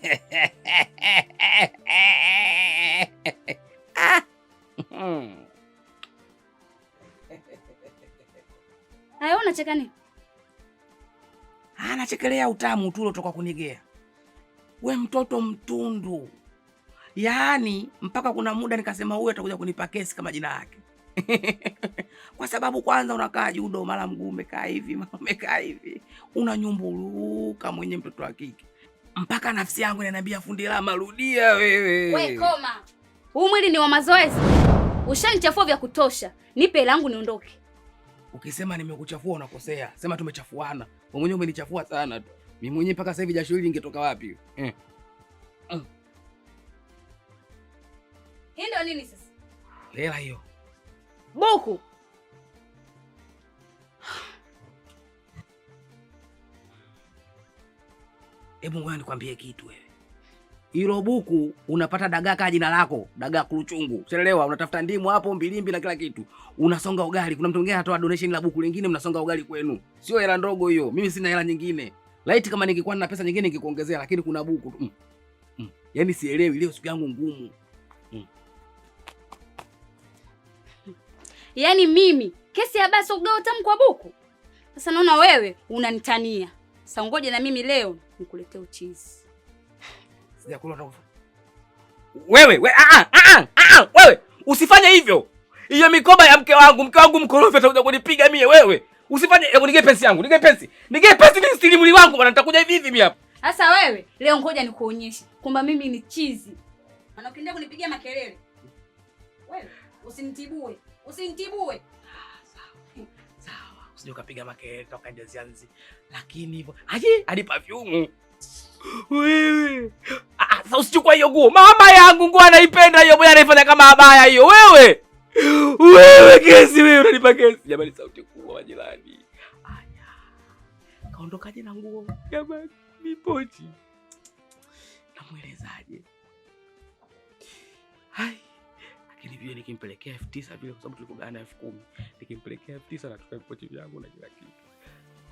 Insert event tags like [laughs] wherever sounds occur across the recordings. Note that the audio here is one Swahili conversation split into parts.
Ah. Ayo, unacheka nini? Anachekelea ah, utamu tu toka kunigea we, mtoto mtundu. Yaani mpaka kuna muda nikasema huyu atakuja kunipa kesi kama jina lake [laughs] kwa sababu kwanza unakaa judo, mara mguu umekaa hivi, mara umekaa hivi, unanyumburuka mwenye mtoto wa kike mpaka nafsi yangu inaniambia fundi Rama, rudia wewe. We koma, huu mwili ni wa mazoezi, ushanichafua vya kutosha, nipe hela yangu niondoke. Ukisema nimekuchafua unakosea, sema tumechafuana. Wewe mwenyewe umenichafua sana tu, mimi mwenyewe mpaka sasa hivi jasho hili lingetoka wapi eh? Uh. Hii ndio nini sasa? Hela hiyo buku Hebu ngoja nikwambie kitu wewe. Hilo buku unapata dagaa kaa jina lako, dagaa kuluchungu. Sielewa, Unatafuta ndimu hapo mbilimbi na kila kitu. Unasonga ugali. Kuna mtu mwingine anatoa donation la buku lingine mnasonga ugali kwenu. Sio hela ndogo hiyo. Mimi sina hela nyingine. Laiti kama ningekuwa na pesa nyingine ningekuongezea lakini kuna buku. Mm. Mm. Yaani sielewi leo siku yangu ngumu. Mm. Yaani mimi kesi ya basi ugao tamu kwa buku. Sasa naona wewe unanitania. Sangoje na mimi leo nikuletee uchizi. Sijakula na wewe, we, a a a a, a, a, wewe usifanye hivyo. Hiyo mikoba ya mke wangu, mke wangu mkorofi atakuja kunipiga mie wewe. Usifanye, hebu nige pensi yangu, nige pensi. Nige pensi ni stili mli wangu bwana, nitakuja hivi hivi mimi hapa. Sasa wewe, leo ngoja nikuonyeshe kwamba mimi ni chizi. Maana ukiendelea kunipigia makelele. Wewe usinitibue, usinitibue sijui ukapiga makelele ukaenda zianzi, lakini hivyo aje alipa vyumu wewe. Ah, ah, sasa usichukua hiyo nguo, mama yangu nguo anaipenda hiyo, bwana anaifanya kama abaya hiyo. Wewe wewe, kesi wewe, unanipa kesi jamani. Sauti kubwa, majirani. Aya, kaondokaje na nguo jamani? Nipoje, namwelezaje? lakini vile nikimpelekea elfu tisa vile, kwa sababu tulikugawana elfu kumi nikimpelekea elfu tisa natoka vipochi vyangu na kila kitu,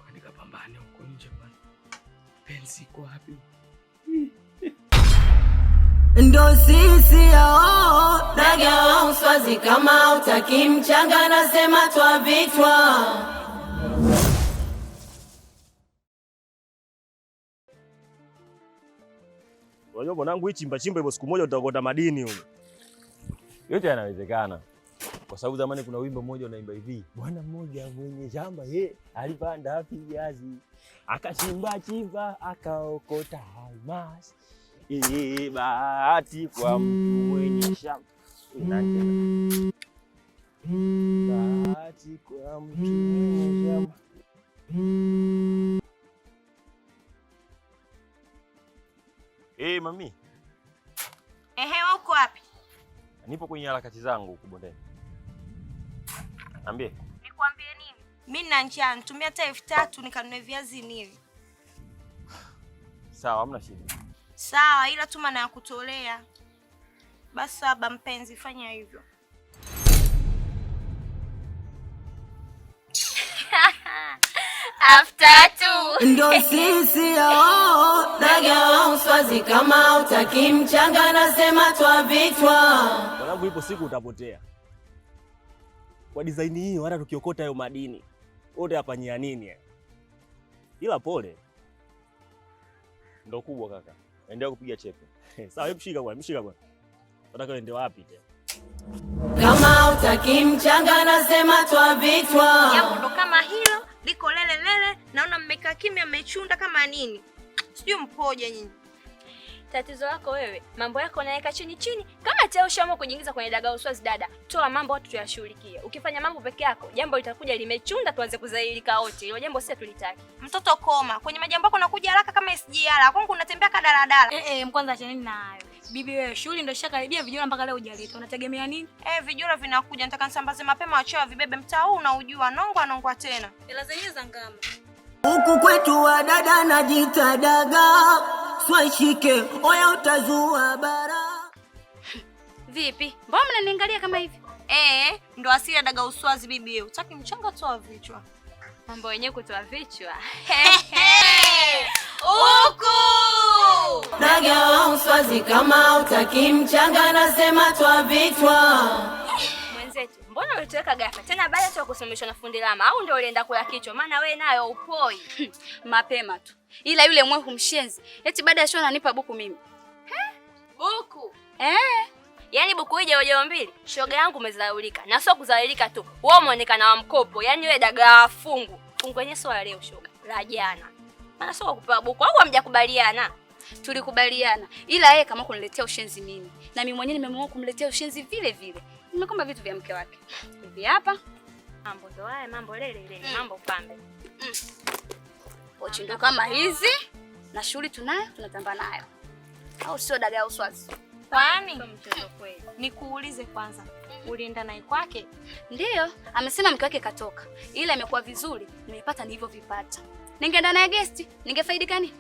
Kwa nikapambane huko nje bwana. Penzi iko wapi? [laughs] Ndo sisi yao daga wa uswazi, kama utaki mchanga nasema twa vichwa. Unajua mwanangu, hii chimba chimba hiyo siku moja utakwenda madini huko yote yanawezekana, kwa sababu zamani kuna wimbo mmoja unaimba hivi, bwana mmoja mwenye shamba ye alipanda viazi akachimba chimba akaokota almasi, bahati kwa mtu mwenye shamba bahati kwa mtu mwenye shamba Hey, mami. Ehe, uko wapi? nipo kwenye harakati zangu huko bondeni. Niambie. Nikwambie nini? Mimi nina njaa, nitumia hata elfu tatu nikanunue viazi nili. Sawa, hamna shida. Sawa, ila tuma na kutolea. Basi saba mpenzi, fanya hivyo. after two ndo sisi oh, oh, dagaa oh, swazi kama utaki mchanga nasema twa vichwa mwanangu, ipo siku utapotea kwa design hiyo. Hata tukiokota hayo madini wote hapanyia nini, eh? ila pole ndo kubwa kaka, endelea kupiga chepe [laughs] sawa. Hebu shika bwana, mshika bwana, nataka uende wapi tena? Kama utaki mchanga nasema twa vichwa, jambo ndo kama hilo liko lele lele, naona mmekaa kimya, mmechunda kama nini, sijui mpoje nyinyi. Tatizo lako wewe, mambo yako unaweka chini chini kama tayari ushaamua kujiingiza kwenye dagaa uswazi. Dada, toa mambo watu tuyashughulikie. Ukifanya mambo peke yako, jambo litakuja limechunda, tuanze kuzailika wote. Ile jambo sisi tulitaki. Mtoto koma kwenye majambo yako, nakuja haraka kama SGR kwangu, unatembea kadaradara. Eh, eh, mkwanza achaneni na hayo Bibi wewe, shughuli ndio shakaribia, vijora mpaka leo hujaleta, unategemea nini? Eh, vijora vinakuja, nataka nisambaze mapema, wachawa vibebe. Mtaa huu unaujua, nongwa nongwa tena, hela zenyewe za ngama. Huku kwetu wa dada na jitadaga swashike, oya utazua bara. [laughs] Vipi, mbona mnaniangalia kama hivi? Eh, ndo asili ya daga uswazi. Bibi wewe, utaki mchanga, toa vichwa, mambo yenyewe kutoa vichwa [laughs] [laughs] huku nagawa uswazi kama utaki mchanga nasema twa vichwa. Mwenzetu, mbona ulituweka gafa tena baada tu ya na fundi lama, au ndio ulienda kula kichwa? Maana we nayo upoi [clears throat] mapema tu, ila yule mwehu mshenzi eti baada ya show ananipa buku mimi He? buku eh? Yaani buku hii jawajao mbili, shoga yangu umezaulika, na sio kuzaulika tu, wewe umeonekana wa mkopo. Yaani wewe dagaa fungu fungu yenyewe sio leo, shoga la jana maana sio kupewa buku au hamjakubaliana? Tulikubaliana, ila yeye kama kuniletea ushenzi mimi na mimi mwenyewe nimeamua kumletea ushenzi vile vile. Nimekomba vitu vya mke wake hivi hapa, mambo ndo haya, mambo lele lele, mm. mambo pambe mm. pochi ndo kama hizi na shughuli tunayo, tunatamba nayo, au sio dada? Au swazi kwani nikuulize kwanza, mm. ulienda naye kwake? Ndiyo, amesema mke wake katoka, ila imekuwa vizuri, nimepata nilivyovipata ningeenda naye gesti, ningefaidika nini?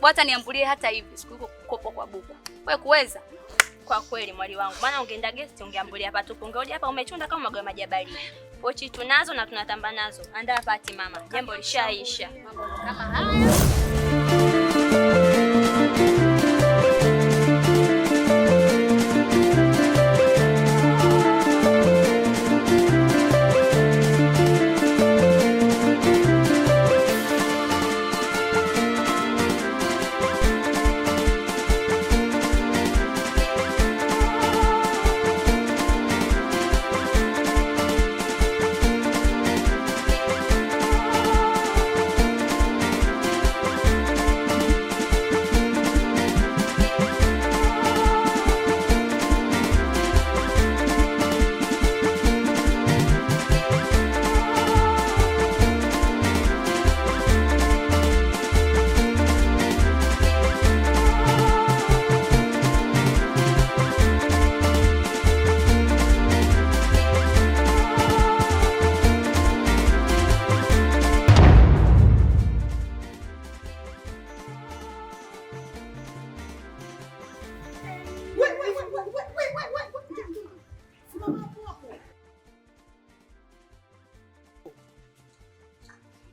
Bwata eh? mhm. niambulie hata hivi siku hiyo kukopa kwa buku. Wewe kuweza? Kwa kweli mwali wangu. Maana ungeenda guest ungeambulia hapa tu. Ungeoje hapa umechunda kama magoe majabali. Pochi tunazo na tunatamba nazo. Andaa pati mama. Jambo lishaisha. Mambo kama haya.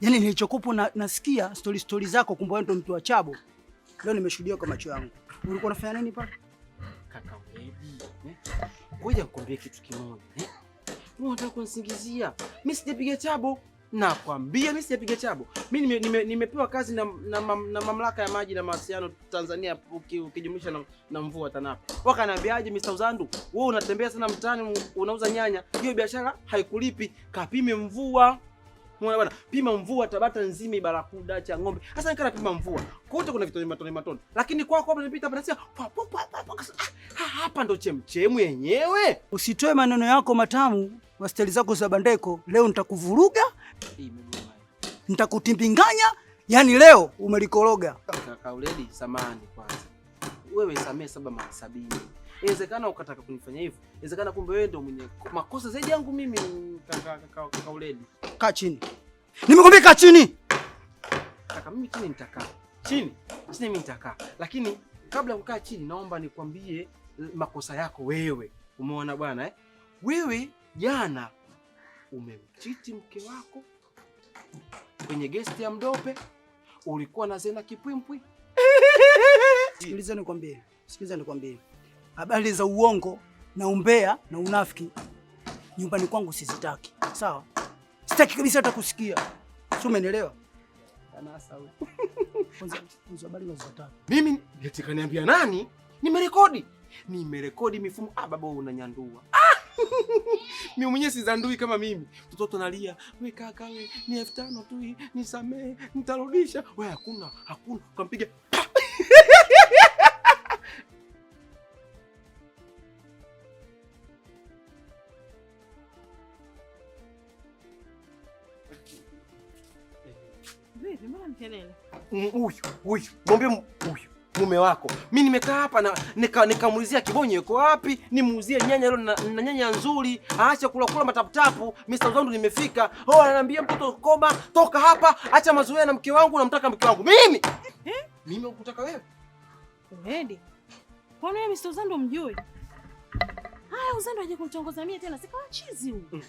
Yaani nilichokupo na, nasikia story story zako kumbe wewe ndo mtu wa Chabo. Leo nimeshuhudia kwa macho yangu. Ulikuwa unafanya nini pale? Kaka Wedi. Eh? Ngoja nikwambie kitu kimoja. Eh? Wewe unataka kunisingizia. Mimi sijapiga Chabo. Nakwambia mimi sijapiga Chabo. Mimi nimepewa nime, nime kazi na, na, mam, na mamlaka ya maji na mawasiliano Tanzania ukijumlisha na, na mvua TANAPA. Waka Wakaniambiaje Mr. Uzandu, wewe unatembea sana mtaani unauza nyanya. Hiyo biashara haikulipi. Kapime mvua. Mwana bwana, pima mvua Tabata nzima, ibarakuda cha ng'ombe. Sasa nikaa pima mvua kote, kuna vitu matone matone, lakini kwa kwa nilipita hapa, nasema pa pa pa pa. hapa ndo chemchemu yenyewe. Usitoe maneno yako matamu na steli zako za bandeko. Leo nitakuvuruga, nitakutimbinganya, Yaani leo umelikoroga. Kaka Uledi, samani kwanza, wewe samee saba mara sabini Inawezekana ukataka kunifanya hivyo, inawezekana kumbe wewe ndio mwenye makosa zaidi yangu mimi. Kaka kaka Uledi, kaa chini. Nimekwambia kaa chini kaka. Mimi chini nitakaa chini chini, mimi nitakaa, lakini kabla ya kukaa chini, naomba nikwambie eh, makosa yako wewe. Umeona bwana eh? Wewe jana umemchiti mke wako kwenye gesti ya Mdope, ulikuwa na Zena Kipwimpwi. Sikiliza nikwambie, sikiliza nikwambie habari za uongo na umbea na unafiki nyumbani kwangu sizitaki, sawa? Sitaki kabisa hata kusikia, si umeelewa? [laughs] Mimi eti niambia nani? Nimerekodi, nimerekodi mifumo. Ah, baba wewe unanyandua ah! [laughs] mimi mwenyewe sizandui kama mimi. Mtoto nalia, we kaka, we ni elfu tano tu, nisamee, nitarudisha. We hakuna, hakuna, ukampiga Kelele. Huyu mm, huyu mwambie huyu mume wako, mi nimekaa hapa na nikamuulizia nika kibonye yuko wapi, nimuuzie nyanya leo na, na nyanya nzuri, aache kula kula mataputapu. Mr. Zondo nimefika. Oh, ananiambia mtoto koma, toka hapa, acha mazoea na mke wangu, namtaka mke wangu mimi eh? Mimi ukutaka wewe Wedi, Kwa wewe Mr. Zondo mjui? Haya, uzando aje kumtongoza mimi tena, sikawa chizi huyu mm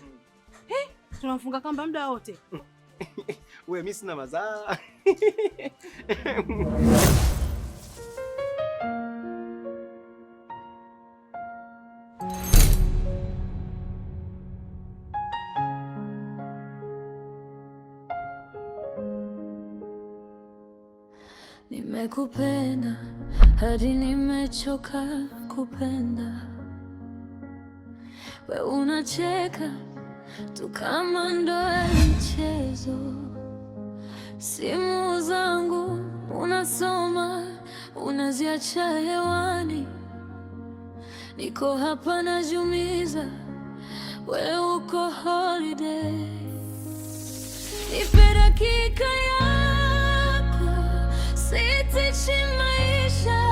-hmm. tunamfunga kamba muda wote mm. Uwe [laughs] mimi sina mazaa. [laughs] Nimekupenda hadi nimechoka kupenda, we unacheka tu kama ndoa mchezo. Simu zangu unasoma, unaziacha hewani. Niko hapa najumiza, wewe uko holiday. Nipe dakika yako, sitishi maisha.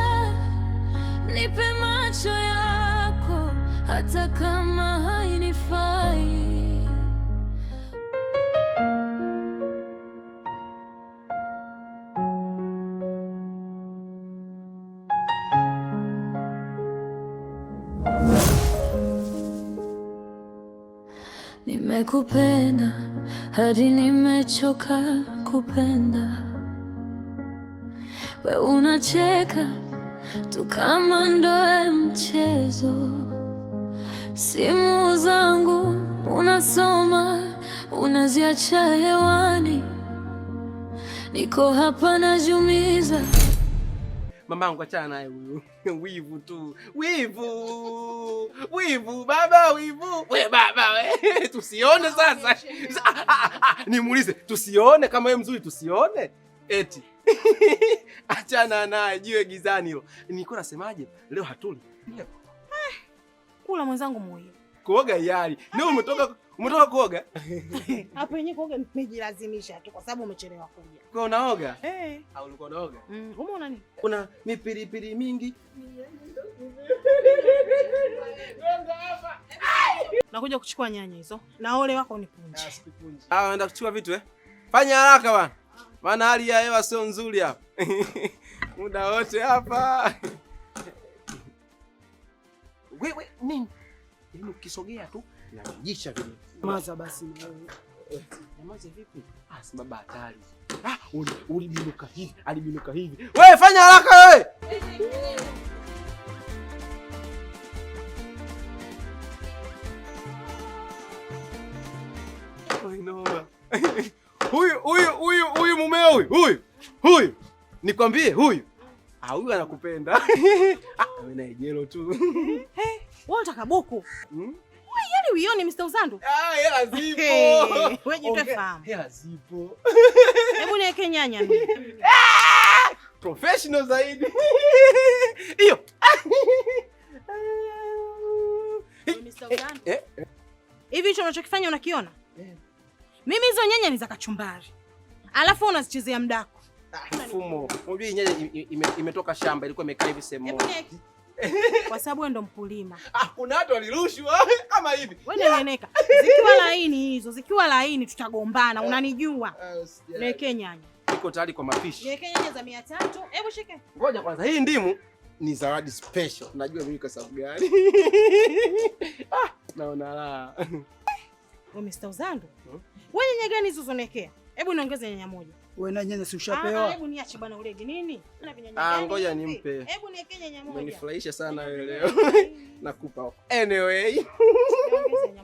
Nipe macho yako, hata kama hainifai Nimekupenda hadi nimechoka kupenda, we unacheka tu kama ndoe mchezo. Simu zangu unasoma, unaziacha hewani, niko hapa najumiza mama yangu achana naye huyu. [laughs] Wivu tu. Wivu. Wivu baba, wivu. We baba we. [laughs] Tusione sasa. [laughs] Ah, ah, ah, Nimuulize, tusione kama wewe mzuri tusione? Eti. Achana naye jiwe gizani hilo. Nilikuwa nasemaje? Leo hatuli. Leo. Eh, kula mwenzangu muhimu. Kuoga yari. Leo umetoka Umetoka kuoga? [laughs] Hapo yenyewe kuoga nimejilazimisha tu kwa sababu umechelewa kuja. Kwa unaoga? Eh. Au ulikuwa unaoga? Mm, umeona nini? Kuna mipiripiri mingi. [laughs] Nakuja kuchukua nyanya hizo. Na ole wako unipunje. Ah, ah naenda kuchukua vitu eh. Fanya haraka bwana. Maana hali ya hewa sio nzuri hapa. [laughs] Muda wote hapa. Wewe nini? Yaani ukisogea tu vinajisha Maza basi na wewe. nyamaze eh, vipi? Ah, si baba hatari. Ah, ulibinuka hivi, alibinuka hivi. Wewe fanya haraka wewe. [laughs] Huyu huyu huyu huyu mumeo huyu. Huyu. Huyu. Nikwambie huyu. Ah, huyu anakupenda. [laughs] Ah, wewe na jelo tu. [laughs] Hey, wewe utakabuku. Hmm? uioni Mr. Uzandu? Ah, hela zipo. Wewe jitafahamu. Hela zipo. [laughs] Hebu niweke nyanya. [laughs] Professional zaidi. Hiyo. [laughs] Eh, eh, eh, hivi hicho unachokifanya unakiona? Mimi hizo nyanya ni za kachumbari. Alafu unazichezea mdako. Ah, mfumo. Unajua nyanya imetoka shamba ilikuwa imekaa hivi sehemu moja. [laughs] kwa sababu wewe ndo mkulima. Ah, kuna watu walirushwa kama eh, hivi. Wewe neneka. Zikiwa laini hizo, zikiwa laini tutagombana, eh, unanijua. Niwekee eh, nyanya. Iko tayari kwa mapishi. Niwekee nyanya za 300. Hebu shike. Ngoja kwanza hii ndimu ni zawadi special. Najua mimi kwa sababu gani. [laughs] Ah, naona la. Wewe Mr. Uzando. Hmm? Wewe nyanya gani hizo zonekea? Hebu niongeze nyanya moja. Wewe na nyanya si ushapewa? Ah, hebu niache bwana uledi nini? Una vinyanya ah, gani? Ah, ngoja nimpe. Hebu niwekee nyanya moja. Umenifurahisha sana wewe leo. [laughs] Nakupa. Anyway.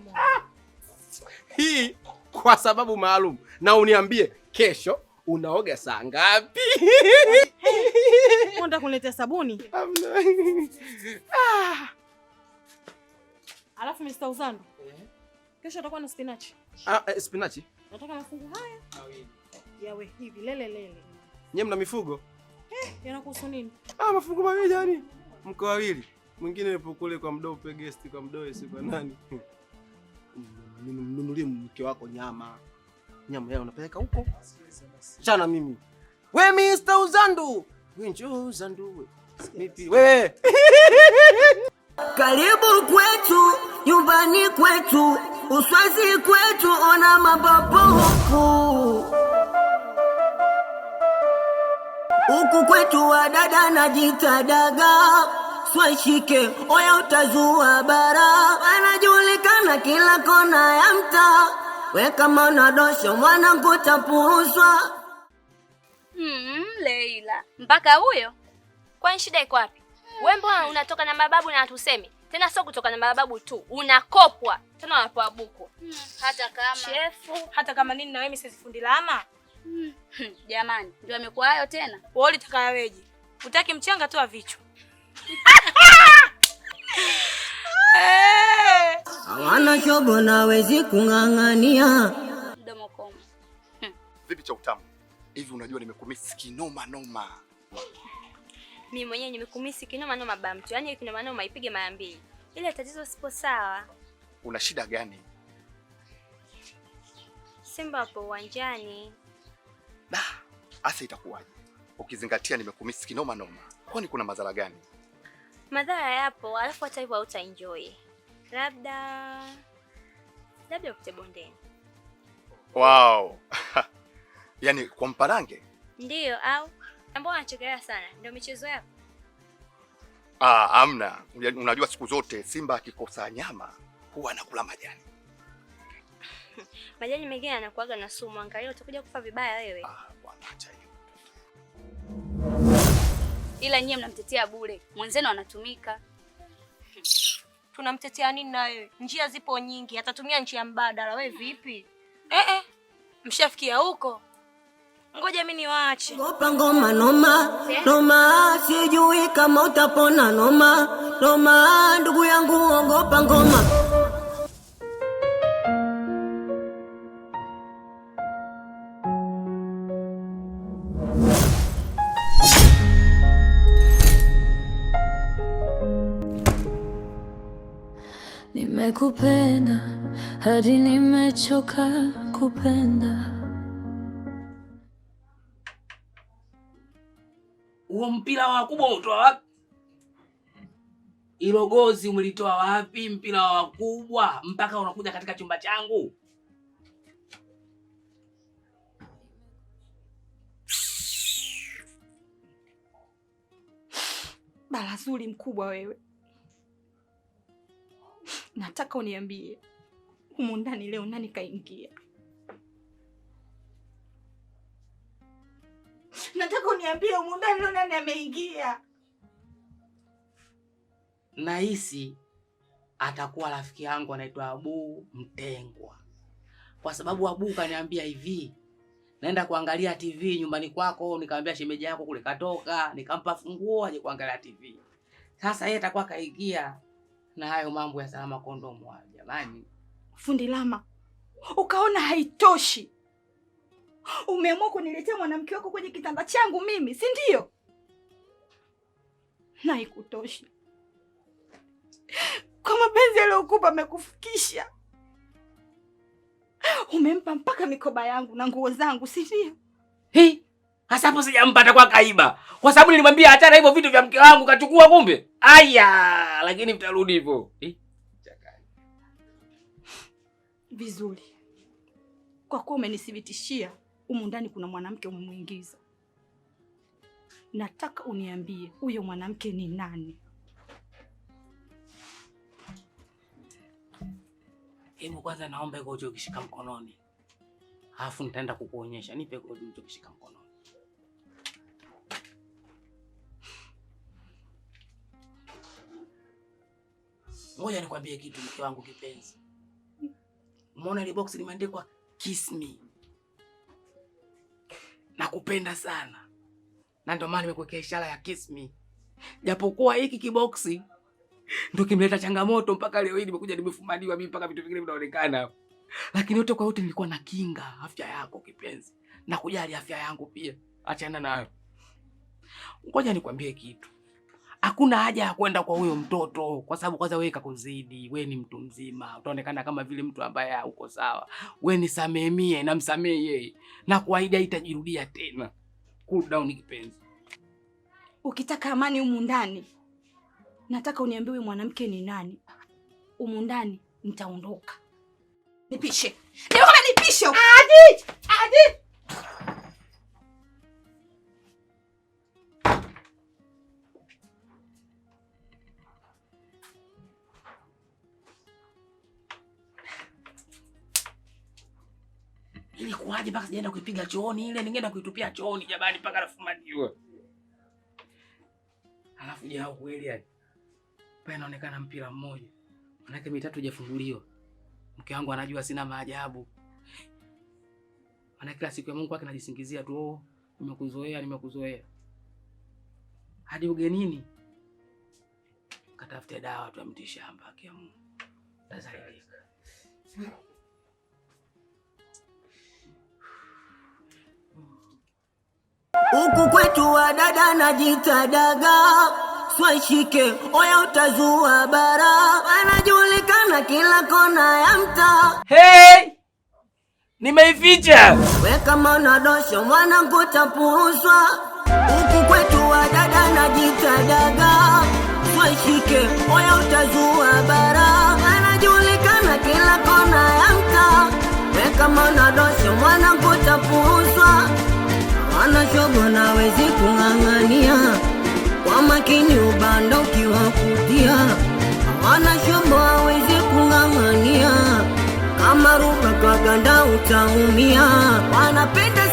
[laughs] Hii kwa sababu maalum na uniambie kesho unaoga saa ngapi? Unataka kuniletea sabuni? [laughs] Ah. Alafu Mr. Uzando. Eh? Kesho utakuwa na spinach. Ah, eh, spinach? Nataka mafungu haya. Mawili yawe hivi lele lele. Nyie mna mifugo eh? Yanakuhusu nini? Ah, mafugo mawili yani, mko wawili, mwingine yupo kule kwa mdope guest, kwa mdoe si kwa nani. Mnunulie mke wako nyama, nyama yao unapeleka huko. Chana mimi we Mr. Uzandu we, Winjo oh, Uzandu we, Mipi we [laughs] karibu kwetu, nyumbani kwetu, uswazi kwetu, ona mababu huku Huku kwetu wa dada na jitadaga, swashike oya, utazua bara, anajulikana kila kona ya mta We kama unadosho mwanangu tapuuzwa. Hmm, Leila mpaka huyo, kwani shida iko wapi? Hmm. We mbona unatoka na mababu na hatusemi tena, sio kutoka na mababu tu, unakopwa tena, unapoa buku. Hmm. hata kama chefu hata kama nini, na wewe mimi sizifundi lama [laughs] Jamani, ndio amekuwa hayo tena. Wewe ulitaka yaweje? Utaki mchanga tu avichwa. Hawana chobo na wezi kung'ang'ania. Mdomo koma. [laughs] Vipi cha utamu? Hivi unajua nimekumisi kinoma noma. Mimi mwenyewe nimekumisi kinoma noma bamtu. Yaani kinoma noma ipige mara mbili. Ile tatizo sipo sawa. Una shida gani? Simba hapo uwanjani. Na hasa itakuwaje ukizingatia nimekumisi kinoma noma? Kwani kuna madhara gani? Madhara yapo, alafu hata hivyo hauta enjoy. Labda labda ukute bondeni. Wow. [laughs] Yaani kwa mparange? Ndiyo, au ambao anachokelea sana ndio michezo yako? Ah, amna. Unajua siku zote simba akikosa nyama huwa anakula majani. [laughs] Majani mengine yanakuaga na sumu, angalia utakuja kufa vibaya wewe. Ah, bwana acha hiyo. Ila nyie mnamtetea bure, mwenzenu anatumika. Tunamtetea nini na wewe? Njia zipo nyingi, atatumia njia mbadala. Wewe vipi? Eh, eh. Mshafikia huko? Ngoja mimi niwaache. Ngopa ngoma noma noma, sijui kama utapona noma noma, ndugu yangu, ngopa ngoma Nimekupenda hadi nimechoka kupenda. Huo mpira wakubwa umetoa wapi? Ilogozi umelitoa wapi? Mpira wakubwa mpaka unakuja katika chumba changu. Balazuli mkubwa wewe. Nataka uniambie humu ndani leo nani kaingia? Nataka uniambie humu ndani leo nani ameingia? Nahisi atakuwa rafiki yangu anaitwa Abu Mtengwa, kwa sababu Abu kaniambia hivi, naenda kuangalia TV nyumbani kwako. Nikamwambia shemeji yako kule katoka, nikampa funguo aje kuangalia TV. Sasa yeye atakuwa kaingia na hayo mambo ya salama kondomu. Jamani fundi Lama, ukaona haitoshi, umeamua kuniletea mwanamke wako kwenye kitanda changu mimi, si ndio? na ikutoshi kwa mapenzi aliyokupa amekufikisha, umempa mpaka mikoba yangu na nguo zangu, si ndio? Hasa hapo sijampata kwa kaiba. Kwa sababu nilimwambia achana hivyo vitu vya mke wangu kachukua kumbe. Aya, lakini mtarudi hivyo. Eh? Vizuri. Kwa kuwa umenithibitishia humu ndani kuna mwanamke umemuingiza. Nataka uniambie huyo mwanamke ni nani? Hebu kwanza naomba iko kishika mkononi. Alafu nitaenda kukuonyesha. Nipe iko kishika mkononi. Ngoja nikwambie kitu mke wangu kipenzi. Umeona ile box limeandikwa kiss me. Nakupenda sana. Na ndio maana nimekuwekea ishara ya kiss me. Japokuwa hiki kiboksi ndio kimeleta changamoto mpaka leo hii nimekuja nimefumaniwa mimi mpaka vitu vingine vinaonekana hapo. Lakini yote kwa yote nilikuwa na kinga afya yako kipenzi. Na kujali afya yangu pia. Achana nayo. Ngoja nikwambie kitu hakuna haja ya kwenda kwa huyo mtoto, kwa sababu kwanza wewe kakuzidi, wewe ni mtu mzima, utaonekana kama vile mtu ambaye hauko sawa. Wewe nisamehe mie, namsamehe yeye, na kuahidi itajirudia tena. Cool down kipenzi. Ukitaka amani humu ndani, nataka uniambie mwanamke ni nani humu ndani, nitaondoka. Nipishe, nipishe. Adi! Adi! Imekuwaje mpaka sijaenda kuipiga chooni ile? Ningeenda kuitupia chooni jamani, mpaka nafumaniwa. Alafu jao kweli yaani? pale inaonekana mpira mmoja, manake mitatu haijafunguliwa. Mke wangu anajua sina maajabu, maana kila siku ya Mungu wake najisingizia tu, oh, nimekuzoea nimekuzoea. Hadi ugenini katafute dawa tu ya mti shamba, akia Huku kwetu wa dada na najitadaga, swashike oya, utazua bara, anajulikana kila kona ya mta Hey, nimeificha we kama unadosha mwanangu tapuuzwa. Huku kwetu wa dada na najitadaga, swashike oya, utazua bara, anajulikana kila kona ya mtaa. We kama unadosha mwanangu tapuuzwa wanachogo na wezi kung'ang'ania, kwa makini ubanda ukiwakutia, hawana shobo hawezi kung'ang'ania, kama ruka kwa ganda utaumia, wanapenda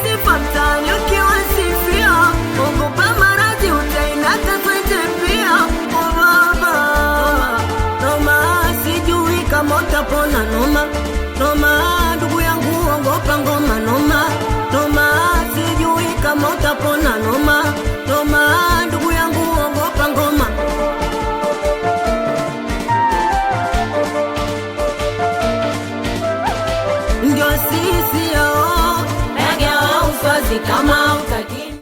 Come on.